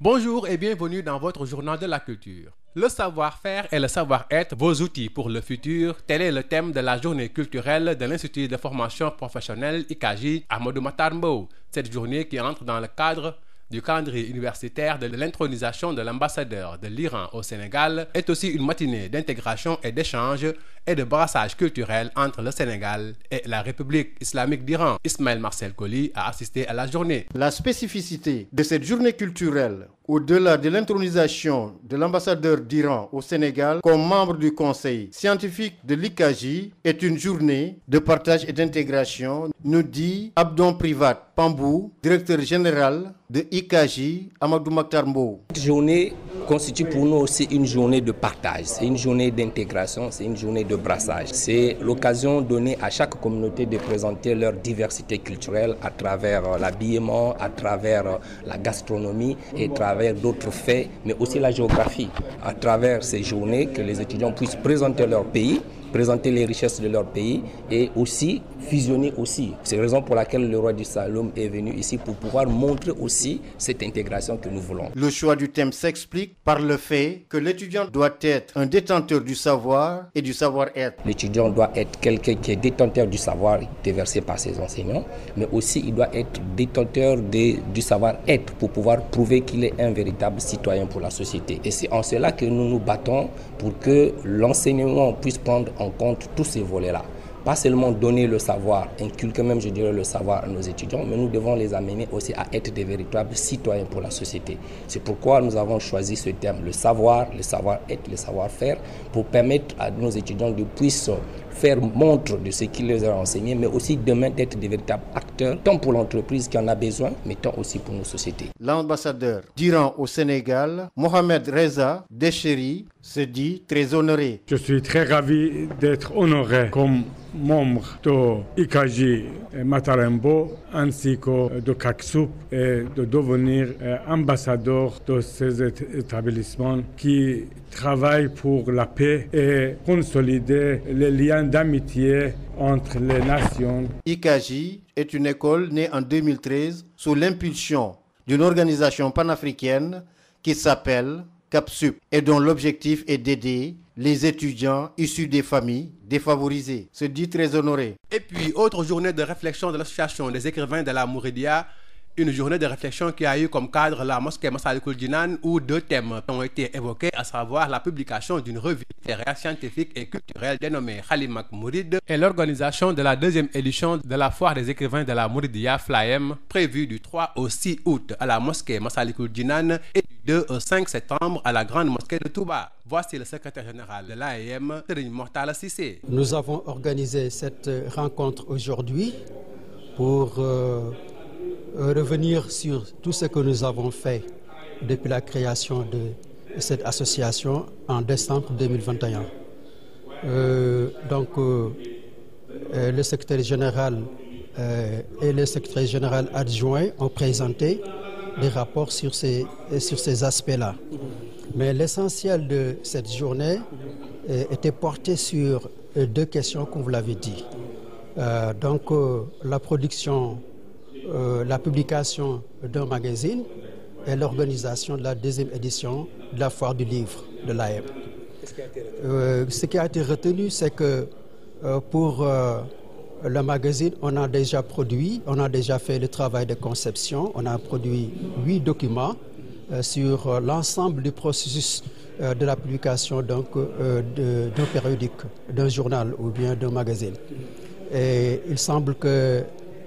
Bonjour et bienvenue dans votre journal de la culture. Le savoir-faire et le savoir-être, vos outils pour le futur, tel est le thème de la journée culturelle de l'Institut de formation professionnelle ICAJ à Matar Mbow. Cette journée qui entre dans le cadre du calendrier universitaire de l'intronisation de l'ambassadeur de l'Iran au Sénégal est aussi une matinée d'intégration et d'échange et de brassage culturel entre le Sénégal et la République islamique d'Iran. Ismaël Marcel Colli a assisté à la journée. La spécificité de cette journée culturelle au-delà de l'intronisation de l'ambassadeur d'Iran au Sénégal comme membre du conseil scientifique de l'ICAJ est une journée de partage et d'intégration, nous dit Abdon Privat Pambou, directeur général de ICAJ, Amadou Maktar Mbow. Cette journée constitue pour nous aussi une journée de partage, c'est une journée d'intégration, c'est une journée de brassage. C'est l'occasion donnée à chaque communauté de présenter leur diversité culturelle à travers euh, l'habillement, à travers euh, la gastronomie à travers travers d'autres faits, mais aussi la géographie, à travers ces journées que les étudiants puissent présenter leur pays présenter les richesses de leur pays et aussi fusionner aussi. C'est la raison pour laquelle le roi du Saloum est venu ici pour pouvoir montrer aussi cette intégration que nous voulons. Le choix du thème s'explique par le fait que l'étudiant doit être un détenteur du savoir et du savoir-être. L'étudiant doit être quelqu'un détenteur du savoir par ses enseignants, mais aussi il doit être détenteur de, du savoir-être pour pouvoir prouver qu'il est un véritable citoyen pour la société. Et c'est en cela que nous nous battons pour en compte tous ces volets-là. Pas seulement donner le savoir, inculquer même, je dirais, le savoir à nos étudiants, mais nous devons les amener aussi à être des véritables citoyens pour la société. C'est pourquoi nous avons choisi ce terme, le savoir, le savoir-être, le savoir-faire, pour permettre à nos étudiants de puissent faire montre de ce qui les a enseignés, mais aussi demain d'être des véritables acteurs, tant pour l'entreprise qui en a besoin, mais tant aussi pour nos au Sénégal, Mohamed Reza Desheri, se dit très honoré. Je suis très ravi d'être honoré comme membre de IKJ Matarembo ainsi que de CACSUP et de devenir euh, ambassadeur de ces établissements qui travaille pour la paix et consolider les liens d'amitié entre les nations. IKJ est une école née en 2013 sous l'impulsion d'une organisation panafricaine qui s'appelle CAPSUP et dont l'objectif est d'aider les étudiants issus des familles défavorisées. C'est dit très honoré. Et puis, autre journée de réflexion de l'association des écrivains de la Mouridia Une journée de réflexion qui a eu comme cadre la mosquée Massalikul où deux thèmes ont été évoqués, à savoir la publication d'une revue littéraire, scientifique et culturelle dénommée Khalimak Mouride et l'organisation de la deuxième édition de la foire des écrivains de la Mouridia Flaem, prévue du au août à la mosquée Massalikul Jinan et du au septembre à la grande mosquée de Touba. Voici le secrétaire général de l'AEM, Serigne Mortala Cissé. Nous avons Euh, revenir sur tout ce que nous avons fait depuis la création de cette association en décembre 2021. Euh, donc, euh, euh, le secrétaire général euh, et le secrétaire général adjoint ont présenté des rapports sur ces, sur ces aspects-là. Mais l'essentiel de cette journée euh, était porté sur deux questions, comme vous l'avez dit. donc, la production euh, la publication d'un magazine et l'organisation de la deuxième édition de la foire du livre de la e Euh, ce qui a été retenu, c'est que euh, pour euh, le magazine, on a déjà produit, on a déjà fait le travail de conception, on a produit huit documents euh, sur l'ensemble du processus de la publication d'un périodique, d'un journal ou bien d'un magazine. Et il semble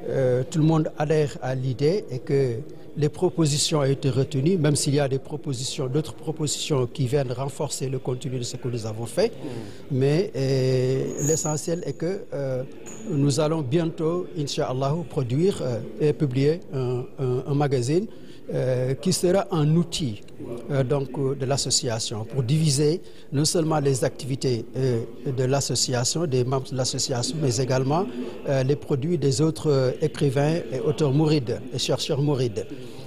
euh, tout le monde adhère à l'idée et que les propositions ont été retenues, même s'il y a des propositions, d'autres propositions qui viennent renforcer le contenu de ce que nous avons fait. Mais euh, l'essentiel est que euh, nous allons bientôt, Inch'Allah, produire euh, et publier un, un, un magazine euh, qui sera un outil euh, donc euh, de l'association pour diviser non seulement les activités euh, de l'association, des membres de l'association, mais également euh, les produits des autres euh, écrivains et auteurs mourides et chercheurs mourides.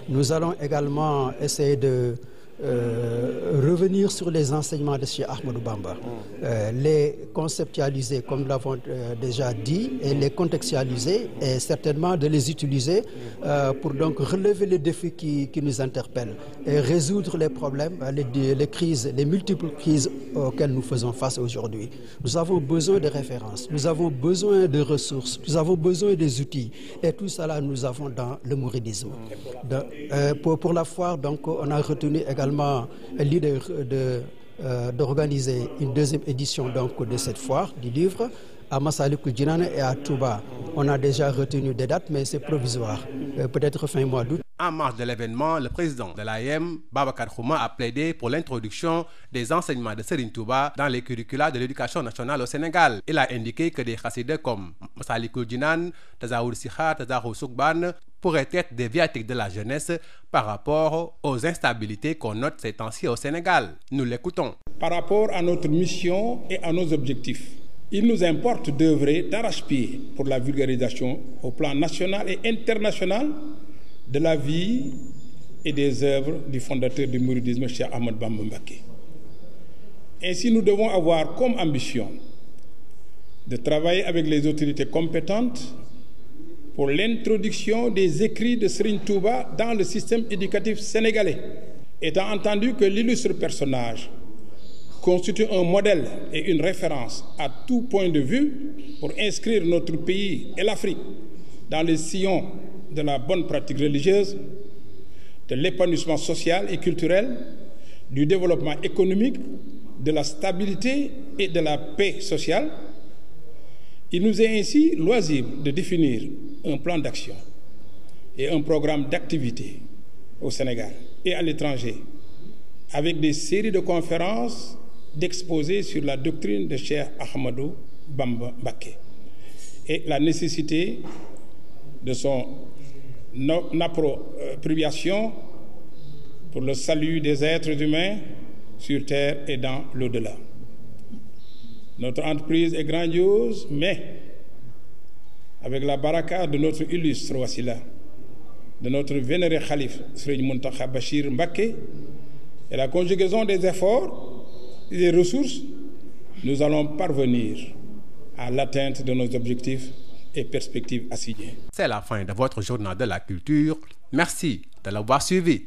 Nous allons également essayer de Euh, revenir sur les enseignements de Cheikh Ahmadou Bamba, mm. euh, les conceptualiser comme nous l'avons euh, déjà dit et les contextualiser et certainement de les utiliser mm. euh, pour donc relever les défis qui, qui nous interpellent et résoudre les problèmes, les, les crises, les multiples crises auxquelles nous faisons face aujourd'hui. Nous avons besoin de références, nous avons besoin de ressources, nous avons besoin des outils et tout cela nous avons dans le mouridisme. Mm. De, euh, pour, pour la foire, donc, on a retenu également également leader euh, de euh, d'organiser une deuxième édition donc de cette foire du livre à Massalikul Jinaan et à Touba. On a déjà retenu des dates mais c'est provisoire. Euh, peut-être fin mois d'août En marge de l'événement, le président de l'AEM, Babacar Khouma, a plaidé pour l'introduction des enseignements de Serigne Touba dans les curricula de l'éducation nationale au Sénégal. Il a indiqué que des khassidés comme Massalikul Jinan, Tasawur Sikha, Tasawur Soukban pourraient être des viatiques de la jeunesse par rapport aux instabilités qu'on note ces temps-ci au Sénégal. Nous l'écoutons. Par rapport à notre mission et à nos objectifs, il nous importe d'œuvrer pour la vulgarisation au plan national et international de la vie et des œuvres du fondateur du mouridisme, Cheikh Ahmed Bambambaki. Ainsi, nous devons avoir comme ambition de travailler avec les autorités compétentes pour l'introduction des écrits de Serine Touba dans le système éducatif sénégalais, étant entendu que l'illustre personnage constitue un modèle et une référence à tout point de vue pour inscrire notre pays et l'Afrique dans les sillons de la bonne pratique religieuse, de l'épanouissement social et culturel, du développement économique, de la stabilité et de la paix sociale. Il nous est ainsi loisible de définir un plan d'action et un programme d'activité au Sénégal et à l'étranger, avec des séries de conférences, d'exposés sur la doctrine de Cheikh Ahmadou Bamba Mbaké et la nécessité de son nappropriation euh, pour le salut des êtres humains sur terre et dans l'au-delà. Notre entreprise est grandiose, mais avec la baraka de notre illustre Wassila, de notre vénéré Khalif Srej Muntakha Bachir Mbake, et la conjugaison des efforts et des ressources, nous allons parvenir à l'atteinte de nos objectifs et perspectives assignées. C'est la fin de votre journal de la culture. Merci de l'avoir suivi.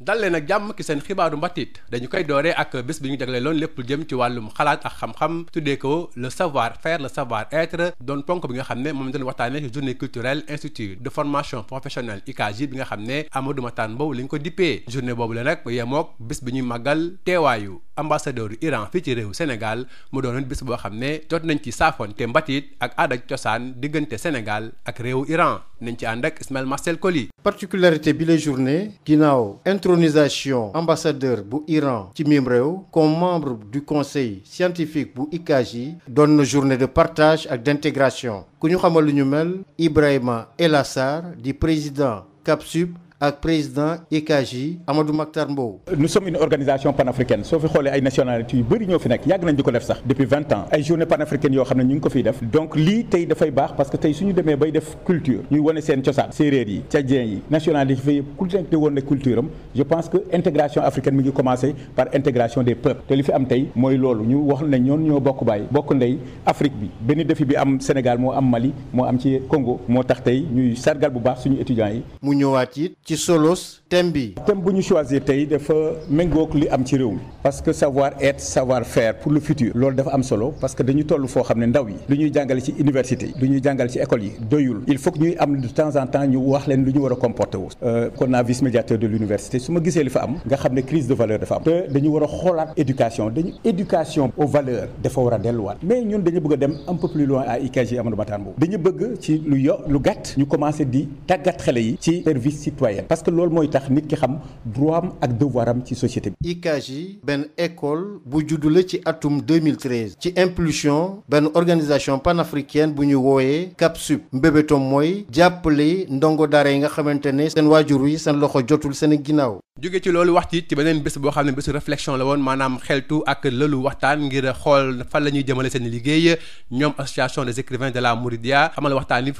dal nag jàmm ki seen xibaaru mbatit dañu koy dooree ak bés bi ñu jagle loon lépp jëm ci wàllum xalaat ak xam-xam tuddee ko le savoir faire le savoir être doon ponk bi nga xam ne moom doon waxtaanee ci journée culturelle institut de formation professionnelle ICAJ bi nga xam ne Amadou Mahtar Mbow lañ ko dippee journée boobu la nag yemook bés bi ñuy màggal teewaayu ambassadeur Iran fii ci réew Sénégal mu doonoon bés boo xam ne jot nañ ci saafoon mbatit ak aada cosaan diggante Sénégal ak réewu Iran nañ ci ànd ak Ismaël Marcel Colly. particularité bi la journée ginnaaw intronisation ambassadeur bu Iran ci mim réew comme membre du conseil scientifique bu ICAJ doon na journée de partage ak d'intégration ku ñu xamal lu ñu mel Ibrahima El Assar di président cap CAPSUB ak président EKJ Amadou Maktar Mbow. nous sommes une organisation panafricaine soo fi xoolee ay nationalités yu bëri ñoo fi nekk yàgg nañ di ko def sax depuis vingt ans ay journée panafricaine yoo xam ne ñu ngi ko fiy def donc lii tey dafay baax parce que tey suñu demee bay def culture ñuy wane seen cosaan séeréer yi tchadien yi nationalité fi ku nekk di woon ne culture je pense que intégration africaine mi ngi commencé par intégration des peuples te li fi ñu wax ne ñoo bokk baay bokk ndey Afrique bi benn défi am Sénégal moo am Mali moo am ci Congo moo tax tey ñuy sargal bu baax suñu étudiants yi mu ñëwaat it ci solos thème bi. thème bu ñu choisir tey dafa méngoog li am ci réew mi parce que savoir être savoir faire pour le futur loolu dafa am solo parce que dañu toll foo xam ne ndaw yi lu ñuy jàngale ci université yi lu ñuy jàngale ci école yi doyul il faut ñuy am de temps en temps ñu wax leen lu ñu war a comporter wu kon euh, naa vice médiateur de l'université su ma gisee li fa am nga xam ne crise de valeur dafa am te dañu war a xoolaat éducation dañu éducation aux valeurs dafa war a delluwaat mais ñun dañu bëgg dem un peu plus loin à IKG Amadou Mahtar Mbow lu yo lu gàtt ñu commencé di tàggat xale yi ci service citoyen créer que loolu mooy tax nit ki xam droit am ak devoir am ci société bi. IKAGI benn école bu juddu la ci atum 2013 ci impulsion benn organisation panafricaine bu ñu wooyee CAPSUP mbébétoom mooy jàppale ndongo daara yi nga xamante ne seen waajur yi seen loxo jotul seen ginnaaw. jóge ci loolu wax ci ci beneen bés boo xam ne bésu réflexion la woon maanaam xeltu ak lëlu waxtaan ngir xool fan la ñuy jëmale seen liggéey ñoom association des écrivains de la Mouridia xamal waxtaan yoo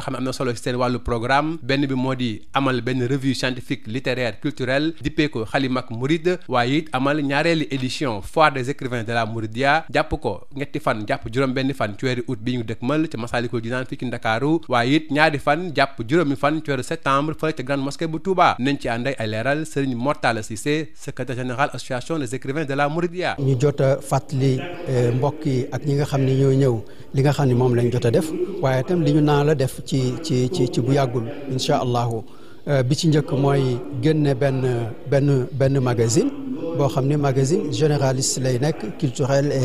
xam ne am na solo wàllu programme benn bi moo di amal benn revue scientifique littéraire culturelle dippee ko xalimak mouride waaye it amal ñaareeli édition foire des écrivains de la Mouridia jàpp ko ñetti fan jàpp juróom-benni fan ci weeru bi ñu dëkkmal ci Masaalikul Jinaan fii ci Ndakaaru waaye it ñaari fan jàpp juróomi fan ci weeru septembre fële ca grande mosquée bu Touba nañ ci ànd ak ay leeral Serigne Mortala Cissé secrétaire général association des écrivains de la Mouridia. Eh, yi ak ñi nga xam ne ñoo ñëw li nga xam ne moom lañ jot a def bu yàggul incha allahu euh, bi ci njëkk mooy génne benn benn benn magazine boo xam ne magazine généraliste lay nekk culturel et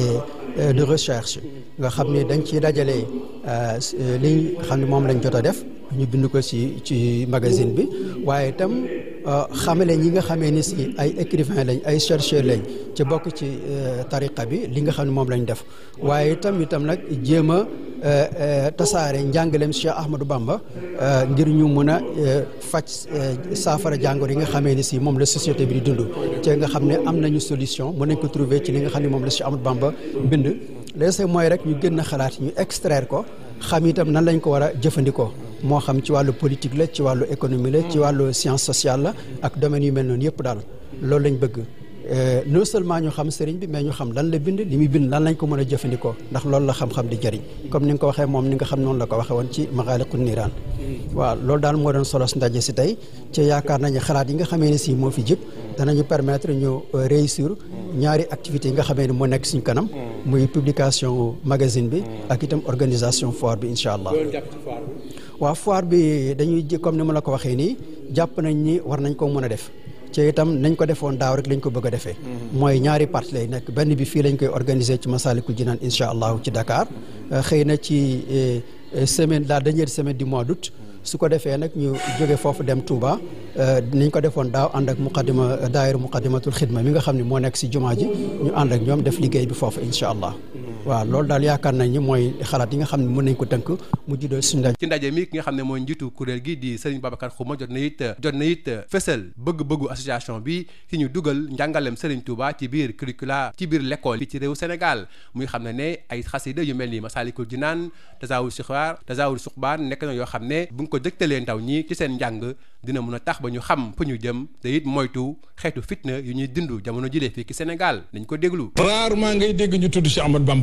euh, de recherche nga xam ni dañ ciy dajale euh, li xam ne moom lañ jot a def ñu bind ko si ci magazine bi waaye itam xamale ñi nga xamee ni si ay écrivain lañ ay chercheur lañ ci bokk ci euh, tariqa bi li nga xam ne moom lañu def waaye itam itam nag jéem a euh, euh, tasaare njàngaleem Cheikh Ahmadou Bamba ngir ñu mun a faj saafara jàngoro yi nga xamee ni si moom la société bi di dund ci nga xam ne am nañu solution mën nañ ko trouver ci li nga xam ne moom la Cheikh Ahmadou Bamba bind lees mooy rek ñu gën a xalaat ñu extraire ko xam itam nan lañ ko war a jëfandikoo moo xam ci wàllu politique la ci wàllu économie la ci mm. wàllu science sociale la ak domaine yu mel noonu yëpp daal loolu lañ bëgg euh, non seulement ñu xam sëriñ bi mais ñu xam lan la bind li muy bind lan lañ ko mën a jëfandikoo ndax loolu la xam-xam di jariñ comme ni nga ko waxee moom ni nga xam noonu la ko waxee woon ci maxaaliqu niiraan mm. waaw lool daal moo doon solos ndaje si tey ci yaakaar nañu xalaat yi nga xamee ne si moo fi jëp danañu permettre ñu euh, réussir ñaari activités yi nga xamee ne moo nekk suñ kanam mm. muy publication magazine bi ak itam organisation foire bi incha allah waaw foire bi dañuy ji comme ni ma la ko waxee nii jàpp nañ ni war nañ koo mën a def ci itam nañ ko defoon daaw rek lañ ko bëgg a defee. Mm-hmm. mooy ñaari parti lay nekk benn bi fii lañ koy organiser ci Masalikul Jinaan incha allahu ci dakaar euh, xëy na ci euh, semaine la dernière semaine du mois d'août su ko defee nag ñu jóge foofu dem Touba euh, nañ ko defoon daaw ànd ak muqaddima daayira muqaddimatul xidma mi nga xam ne moo nekk si jumaa ji ñu ànd ak ñoom def liggéey bi foofu incha allah. waaw loolu daal yaakaar nañ ni mooy xalaat yi nga xam ne mën nañ ko tënk mu juddoo suñu ndaje ci ki nga xam ne mooy njiitu kuréel gi di Serigne Babacar Xuma jot na it jot na it fësal bëgg-bëggu association bi ci ñu dugal njàngalem Serigne Touba ci biir curricula ci biir lekkool yi ci réew Sénégal muy xam ne ne ay xasida yu mel ni Masaalikul Jinaan Tasawul Suxbaar Tasawul Suxbaan nekk na yoo xam ne bu nga ko jëktalee ndaw ñi ci seen njàng dina mun a tax ba ñu xam fu ñu jëm te it moytu xeetu fitna yu ñuy dund jamono jile fii ci Sénégal dañ ko déglu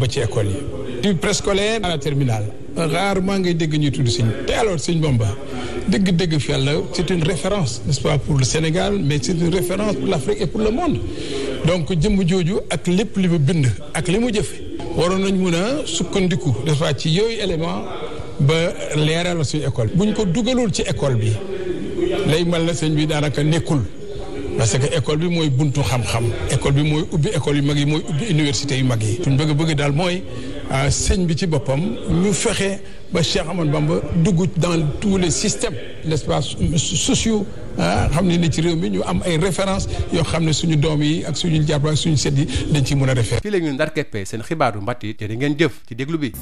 ci école yi du préscolaire à la terminale rarement ngay dégg ñu tudd sëñ te alors sëñ Bamba dégg dëgg fi yàlla ci une référence n'est-ce pas pour le Sénégal mais c'est une référence pour l'Afrique et pour le monde donc jëmm jooju ak lépp li mu bind ak li mu jëf waroon nañu mun a sukkandiku nest ci yooyu élément ba leeral suñu école buñ ko dugalul ci école bi lay mel na sëñ bi daanaka nekkul parce que école bi mooy buntu xam-xam école bi mooy ubbi école yu mag yi mooy ubbi université yu mag yi. suñ bëgg bëgg daal mooy euh, sëñ bi ci boppam ñu fexe ba Cheikh amoon Bamba dugg dans tous les systèmes l' espace euh, sociaux ah xam ne ni ci réew mi ñu am ay références yoo xam ne suñu doom yi ak suñu jàpp ak suñu set yi dañ ciy mën a référé. fii la ñuy ndar keppee seen xibaaru mbàtt yi te di ngeen jëf ci déglu bi.